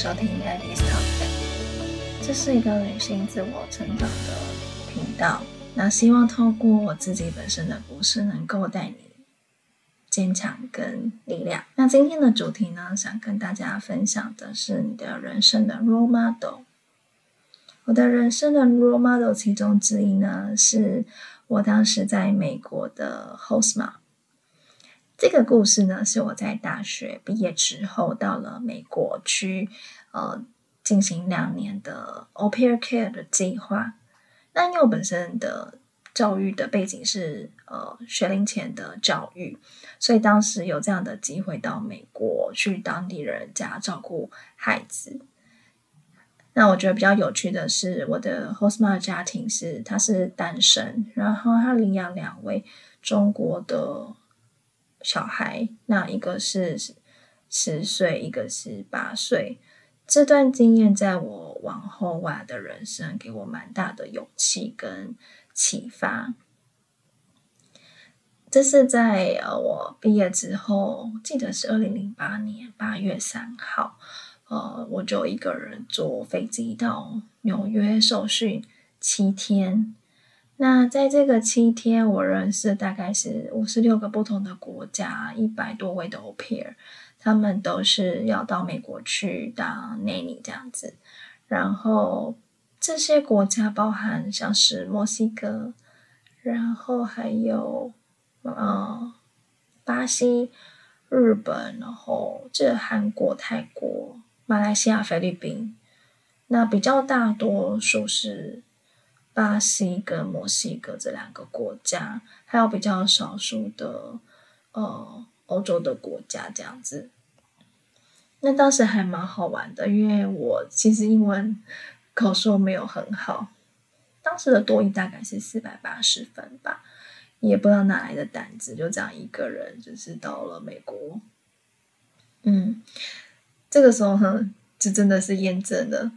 收聽《a t o p 這是一個女性自我成長的頻道。那希望透過我自己本身的故事，能夠帶你堅強跟力量。那今天的主題呢，想跟大家分享的是你的人生的 Role Model。我的人生的 Role Model 其中之一呢，是我當時在美國的 Host Mom。這個故事呢，是我在大學畢業之後到了美國去，呃，進行兩年的 Au Pair Care 的計劃。那因為我本身的教育的背景是呃學齡前的教育，所以當時有這樣的機會到美國去當地人家照顧孩子。那我覺得比較有趣的是，我的 host mom 家庭是他是單身，然後他領養兩位中國的。小孩，那一個是十歲，一個是八歲。這段經驗在我往後我的人生，給我蠻大的勇氣跟啟發。這是在呃我畢業之後，記得是二零零八年八月三號，呃，我就一個人坐飛機到紐約受訓七天。那在這個七天，我認識大概是五十六個不同的國家，一百多位的 au pair 他們都是要到美國去當 nanny 這樣子。然後這些國家包含像是墨西哥，然後還有嗯、哦、巴西、日本，然後這韓國、泰國、馬來西亞、菲律賓，那比較大多數是。巴西跟墨西哥這兩個國家，還有比較少數的呃歐洲的國家這樣子。那當時還蠻好玩的，因為我其實英文口說沒有很好，當時的多益大概是四百八十分吧，也不知道哪來的膽子，就這樣一個人就是到了美國。嗯，這個時候呢，就真的是驗證了，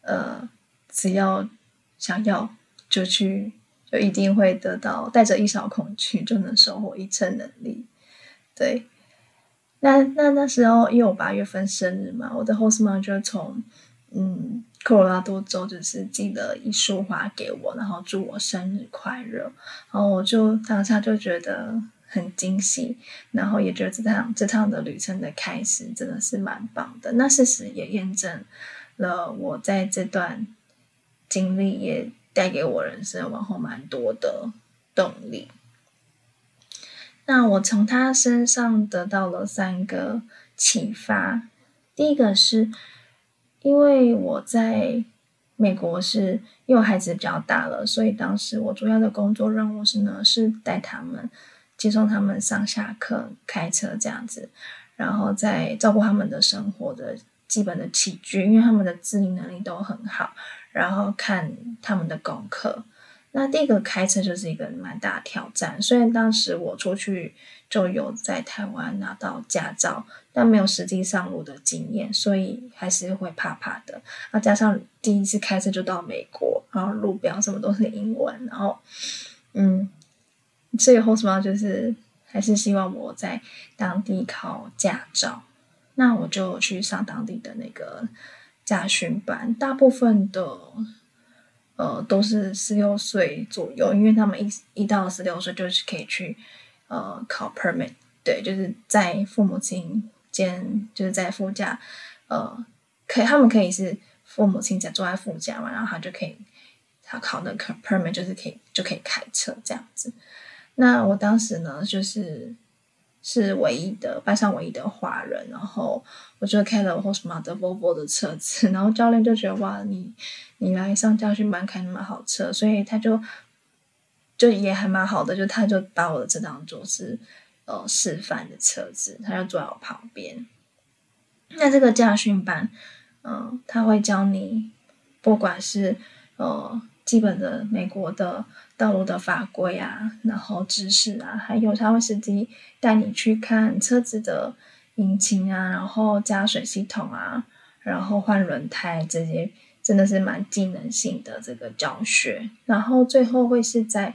呃，只要。想要就去，就一定會得到。帶着一勺恐懼就能收穫一成能力，對。那那那時候，因為我八月份生日嘛，我的 host mom 就從嗯科羅拉多州就是寄了一束花給我，然後祝我生日快樂。然後我就當下就覺得很驚喜，然後也覺得這趟這趟的旅程的開始真的是蠻棒的。那事實也驗證了我在這段。經歷也帶給我人生往後蠻多的動力。那我從他身上得到了三個啟發。第一個是，因為我在美國是，因為孩子比較大了，所以當時我主要的工作任務是呢，是帶他們，接送他們上下課、開車這樣子，然後再照顧他們的生活的基本的起居，因為他們的自理能力都很好，然後看他們的功課，那第一個開車就是一個蠻大挑戰。雖然當時我出去就有在台灣拿到駕照，但沒有實際上路的經驗，所以還是會怕怕的。那、啊、加上第一次開車就到美國，然後路標什麼都是英文，然後嗯，最後什麼就是還是希望我在當地考駕照。那我就去上當地的那個。駕訓班大部分的，呃，都是十六歲左右，因為他們一一到十六歲就是可以去，呃，考 permit，對，就是在父母親間，就是在副駕，呃，可以他們可以是父母親在坐在副駕嘛，然後他就可以他考的 permit 就是可以就可以開車這樣子。那我當時呢就是。是唯一的，班上唯一的華人，然後我就開了我什麼的 Volvo 的車子，然後教練就覺得哇，你你來上駕訓班開那麼好車，所以他就就也還蠻好的，就他就把我的車當做是，呃，示範的車子，他就坐在我旁邊。那這個駕訓班，嗯、呃，他會教你，不管是呃。基本的美國的道路的法規啊，然後知識啊，還有他會實際帶你去看車子的引擎啊，然後加水系統啊，然後換輪胎這些，真的是蠻技能性的這個教學。然後最後會是在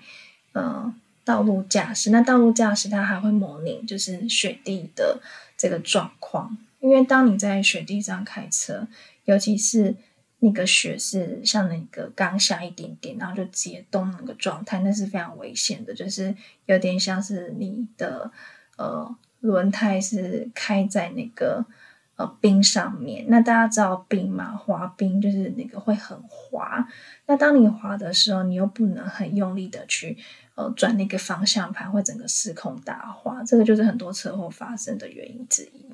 呃道路駕駛，那道路駕駛它還會模擬就是雪地的這個狀況，因為當你在雪地上開車，尤其是。那個雪是像那個剛下一點點，然後就解凍那個狀態，那是非常危險的，就是有點像是你的呃輪胎是開在那個呃冰上面。那大家知道冰嘛？滑冰就是那個會很滑。那當你滑的時候，你又不能很用力的去呃轉那個方向盤，會整個失控打滑。這個就是很多車禍發生的原因之一。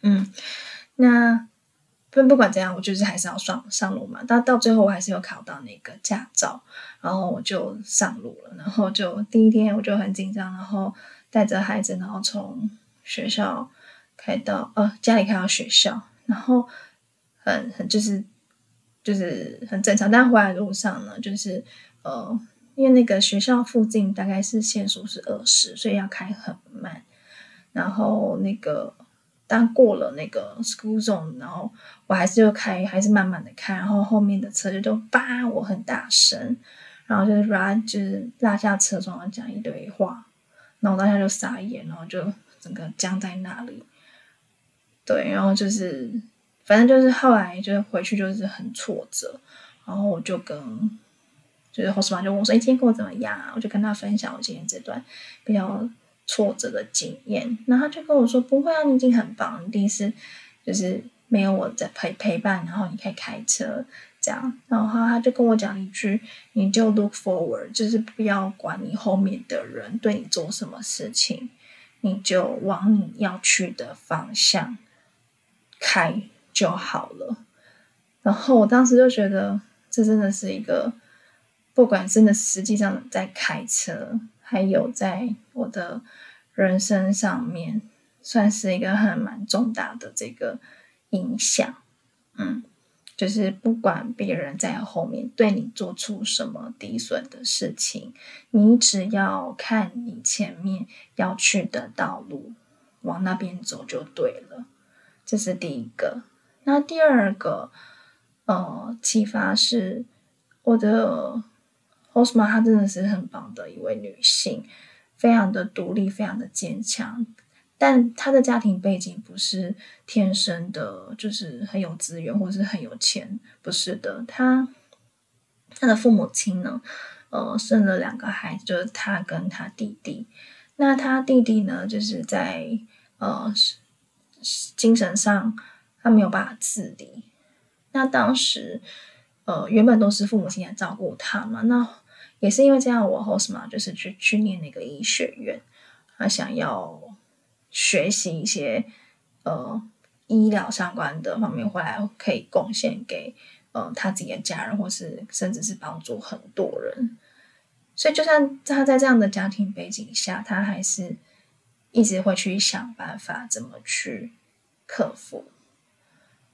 嗯，那。不管怎樣，我就是還是要上上路嘛。但到，到最後，我還是有考到那個駕照，然後我就上路了。然後就第一天，我就很緊張，然後帶着孩子，然後從學校開到呃家裡，開到學校，然後很很就是就是很正常。但回來路上呢，就是呃因為那個學校附近大概是限速是二十，所以要開很慢。然後那個。但過了那個 school zone，然後我還是就開，還是慢慢的開，然後後面的車就就叭我很大聲，然後就是拉，就是拉下車窗講一堆話，然後大家就傻眼，然後就整個僵在那裡。對，然後就是，反正就是後來就是回去就是很挫折，然後我就跟就是 host 媽就問我說：“哎，今天過得怎麼樣啊？”我就跟他分享我今天這段比較挫折的經驗，那他就跟我說：“不會啊，你已經很棒，一定是就是沒有我在陪陪伴，然後你可以開車這樣。”然後他就跟我講一句：“你就 look forward，就是不要管你後面的人對你做什麼事情，你就往你要去的方向開就好了。”然後我當時就覺得，這真的是一個，不管真的實際上在開車。還有在我的人生上面，算是一個很蠻重大的這個影響，嗯，就是不管別人在後面對你做出什麼低損的事情，你只要看你前面要去的道路，往那邊走就對了。這是第一個。那第二個，呃，啟發是我的。奧，她真的是很棒的一位女性，非常的獨立，非常的堅強。但她的家庭背景不是天生的，就是很有資源或者是很有錢，不是的。她她的父母親呢，呃，生了兩個孩子，就是她跟她弟弟。那她弟弟呢，就是在呃精神上他沒有辦法自理。那當時呃原本都是父母親來照顧他嘛，那也是因為這樣，我後什麼嘛，就是去去念那個醫學院，他想要學習一些呃醫療相關的方面，回來可以貢獻給呃他自己的家人，或是甚至是幫助很多人。所以，就算他在這樣的家庭背景下，他還是一直會去想辦法怎麼去克服。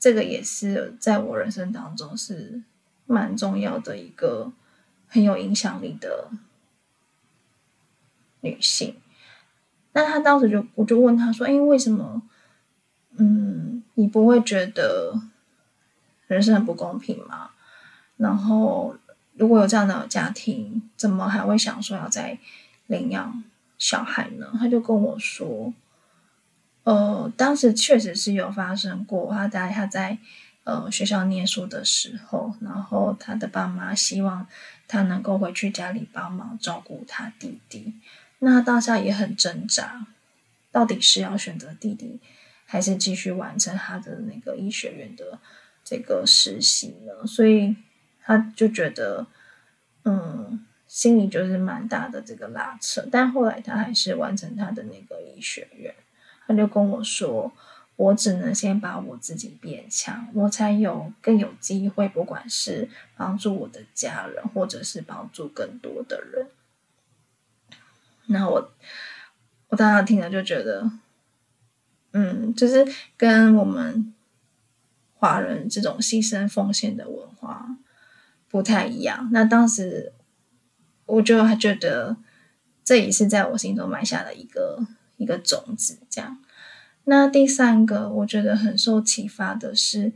這個也是在我人生當中是蠻重要的一個。很有影響力的女性，那她當時就我就問她說：“誒、欸，為什麼？嗯，你不會覺得人生很不公平嗎？然後如果有這樣的家庭，怎麼還會想說要再領養小孩呢？”她就跟我說：“呃，當時確實是有發生過，她大概她在呃學校念書的時候，然後她的爸媽希望。”他能夠回去家裡幫忙照顧他弟弟，那當下也很掙扎，到底是要選擇弟弟，還是繼續完成他的那個醫學院的這個實習呢？所以他就覺得，嗯，心裡就是蠻大的這個拉扯。但後來他還是完成他的那個醫學院，他就跟我說。我只能先把我自己變強，我才有更有機會，不管是幫助我的家人，或者是幫助更多的人。那我，我當時聽了就覺得，嗯，就是跟我們華人這種犧牲奉獻的文化不太一樣。那當時我就還覺得，這也是在我心中埋下了一個一個種子，這樣。那第三個我覺得很受啟發的是，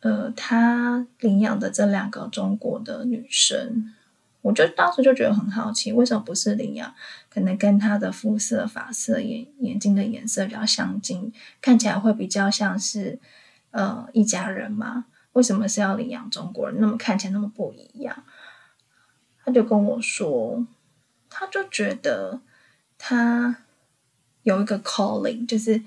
呃，他領養的這兩個中國的女生，我就當時就覺得很好奇，為什麼不是領養？可能跟他的膚色、髮色、眼眼睛的顏色比較相近，看起來會比較像是呃一家人嘛。為什麼是要領養中國人，那麼看起來那麼不一樣？他就跟我說，他就覺得他。有一個 calling，就是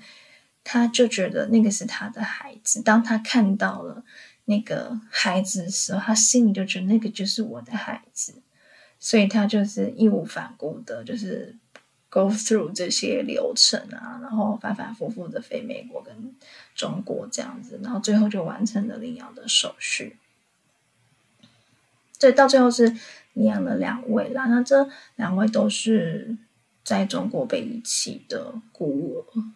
他就覺得那個是他的孩子。當他看到了那個孩子的時候，他心裡就覺得那個就是我的孩子，所以他就是義無反顧的，就是 go through 這些流程啊，然後反反复复的飛美國跟中國這樣子，然後最後就完成了領養的手續。對，到最後是領養了兩位啦。那這兩位都是。在中國被遺棄的孤兒，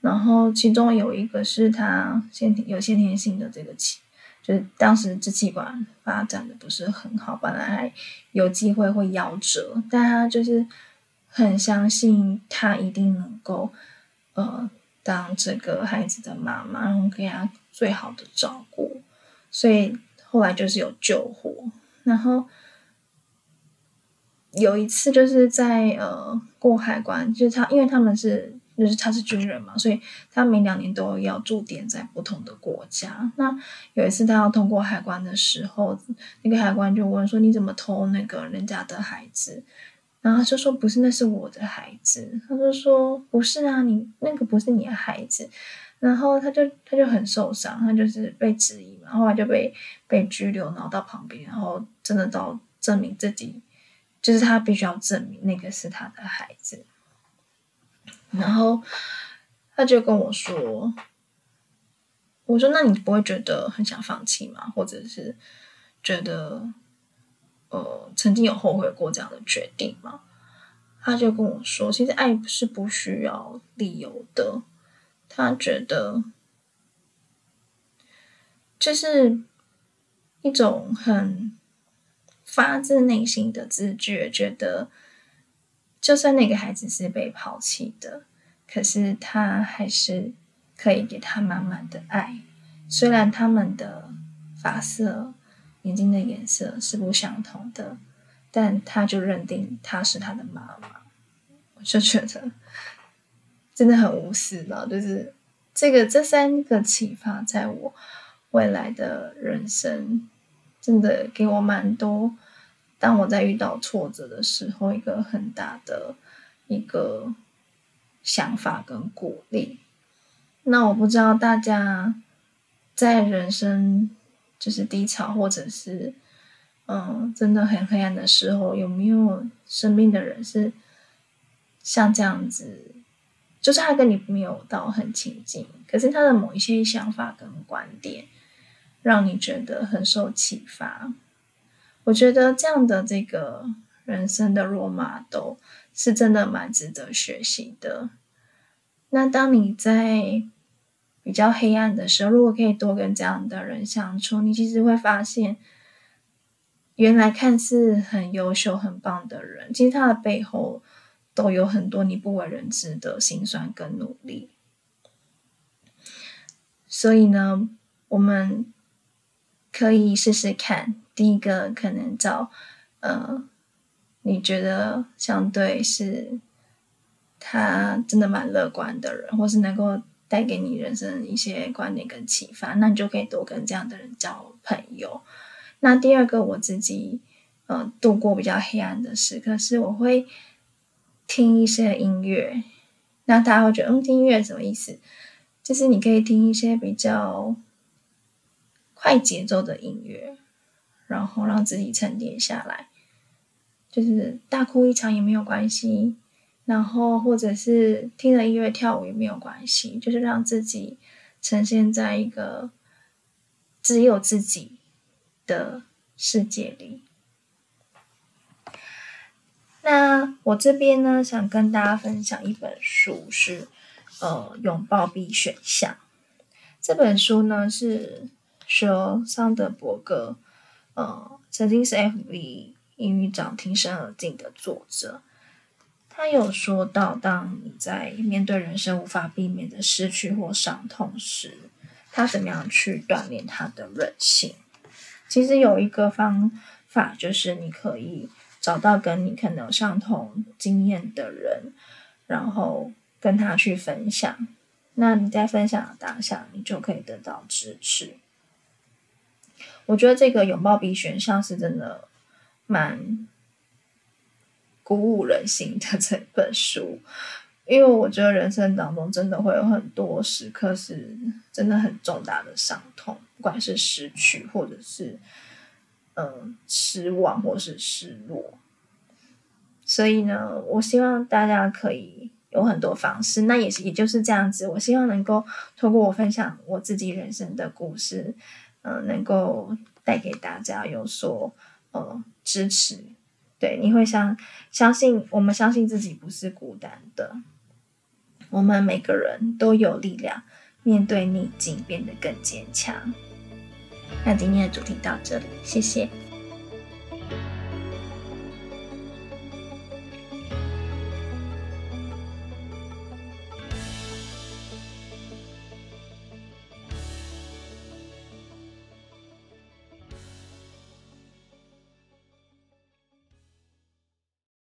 然後其中有一個是他先天有先天性的這個氣，就是當時支氣管發展的不是很好，本來還有機會會夭折，但他就是很相信他一定能夠，呃，當這個孩子的媽媽，然後給他最好的照顧，所以後來就是有救活，然後。有一次就是在呃過海關，就是他，因為他們是就是他是軍人嘛，所以他每兩年都要駐點在不同的國家。那有一次他要通過海關的時候，那個海關就問說：“你怎麼偷那個人家的孩子？”然後他就說：“不是，那是我的孩子。”他就說：“不是啊，你那個不是你的孩子。”然後他就他就很受傷，他就是被質疑嘛，後來就被被拘留，然後到旁邊，然後真的到證明自己。就是他必須要證明那個是他的孩子，然後他就跟我說：“我說那你不會覺得很想放棄嗎？或者是覺得呃曾經有後悔過這樣的決定嗎？”他就跟我說：“其實愛是不需要理由的。”他覺得這是一種很發自內心的自覺，覺得就算那個孩子是被拋棄的，可是他還是可以給他滿滿的愛。雖然他們的髮色、眼睛的顏色是不相同的，但他就認定他是他的媽媽。我就覺得真的很無私了。就是這個這三個啟發，在我未來的人生，真的給我蠻多，當我在遇到挫折的時候，一個很大的一個想法跟鼓勵。那我不知道大家在人生就是低潮或者是嗯真的很黑暗的時候，有沒有身邊的人是像這樣子，就是他跟你沒有到很親近，可是他的某一些想法跟觀點讓你覺得很受啟發。我覺得這樣的這個人生的 Role Model 都是真的蠻值得學習的。那當你在比較黑暗的時候，如果可以多跟這樣的人相處，你其實會發現，原來看似很優秀、很棒的人，其實他的背後都有很多你不為人知的辛酸跟努力。所以呢，我們可以試試看。第一個可能找，呃，你覺得相對是，他真的蠻樂觀的人，或是能夠帶給你人生一些觀點跟啟發，那你就可以多跟這樣的人交朋友。那第二個我自己，嗯、呃，度過比較黑暗的時刻是，我會聽一些音樂。那大家會覺得，嗯，聽音樂什麼意思？就是你可以聽一些比較快節奏的音樂。然後讓自己沉澱下來，就是大哭一場也沒有關係，然後或者是聽着音樂跳舞也沒有關係，就是讓自己呈現在一個只有自己的世界裡。那我這邊呢，想跟大家分享一本書是，是呃《擁抱 B 選項》這本書呢，是說桑德伯格。呃、嗯，曾經是 FV 英語長聽聲而進的作者，他有說到，當你在面對人生無法避免的失去或傷痛時，他怎麼樣去鍛鍊他的韌性？其實有一個方法，就是你可以找到跟你可能相同經驗的人，然後跟他去分享。那你在分享的當下，你就可以得到支持。我覺得這個擁抱 B 選項，是真的蠻鼓舞人心的這本書，因為我覺得人生當中真的會有很多時刻是真的很重大的傷痛，不管是失去或者是嗯、呃、失望或是失落，所以呢，我希望大家可以有很多方式，那也是也就是這樣子，我希望能夠透過，我分享我自己人生的故事。能夠帶給大家有所呃支持，對，你會相相信，我們相信自己不是孤單的，我們每個人都有力量面對逆境，變得更堅強。那今天的主題到這裡，謝謝。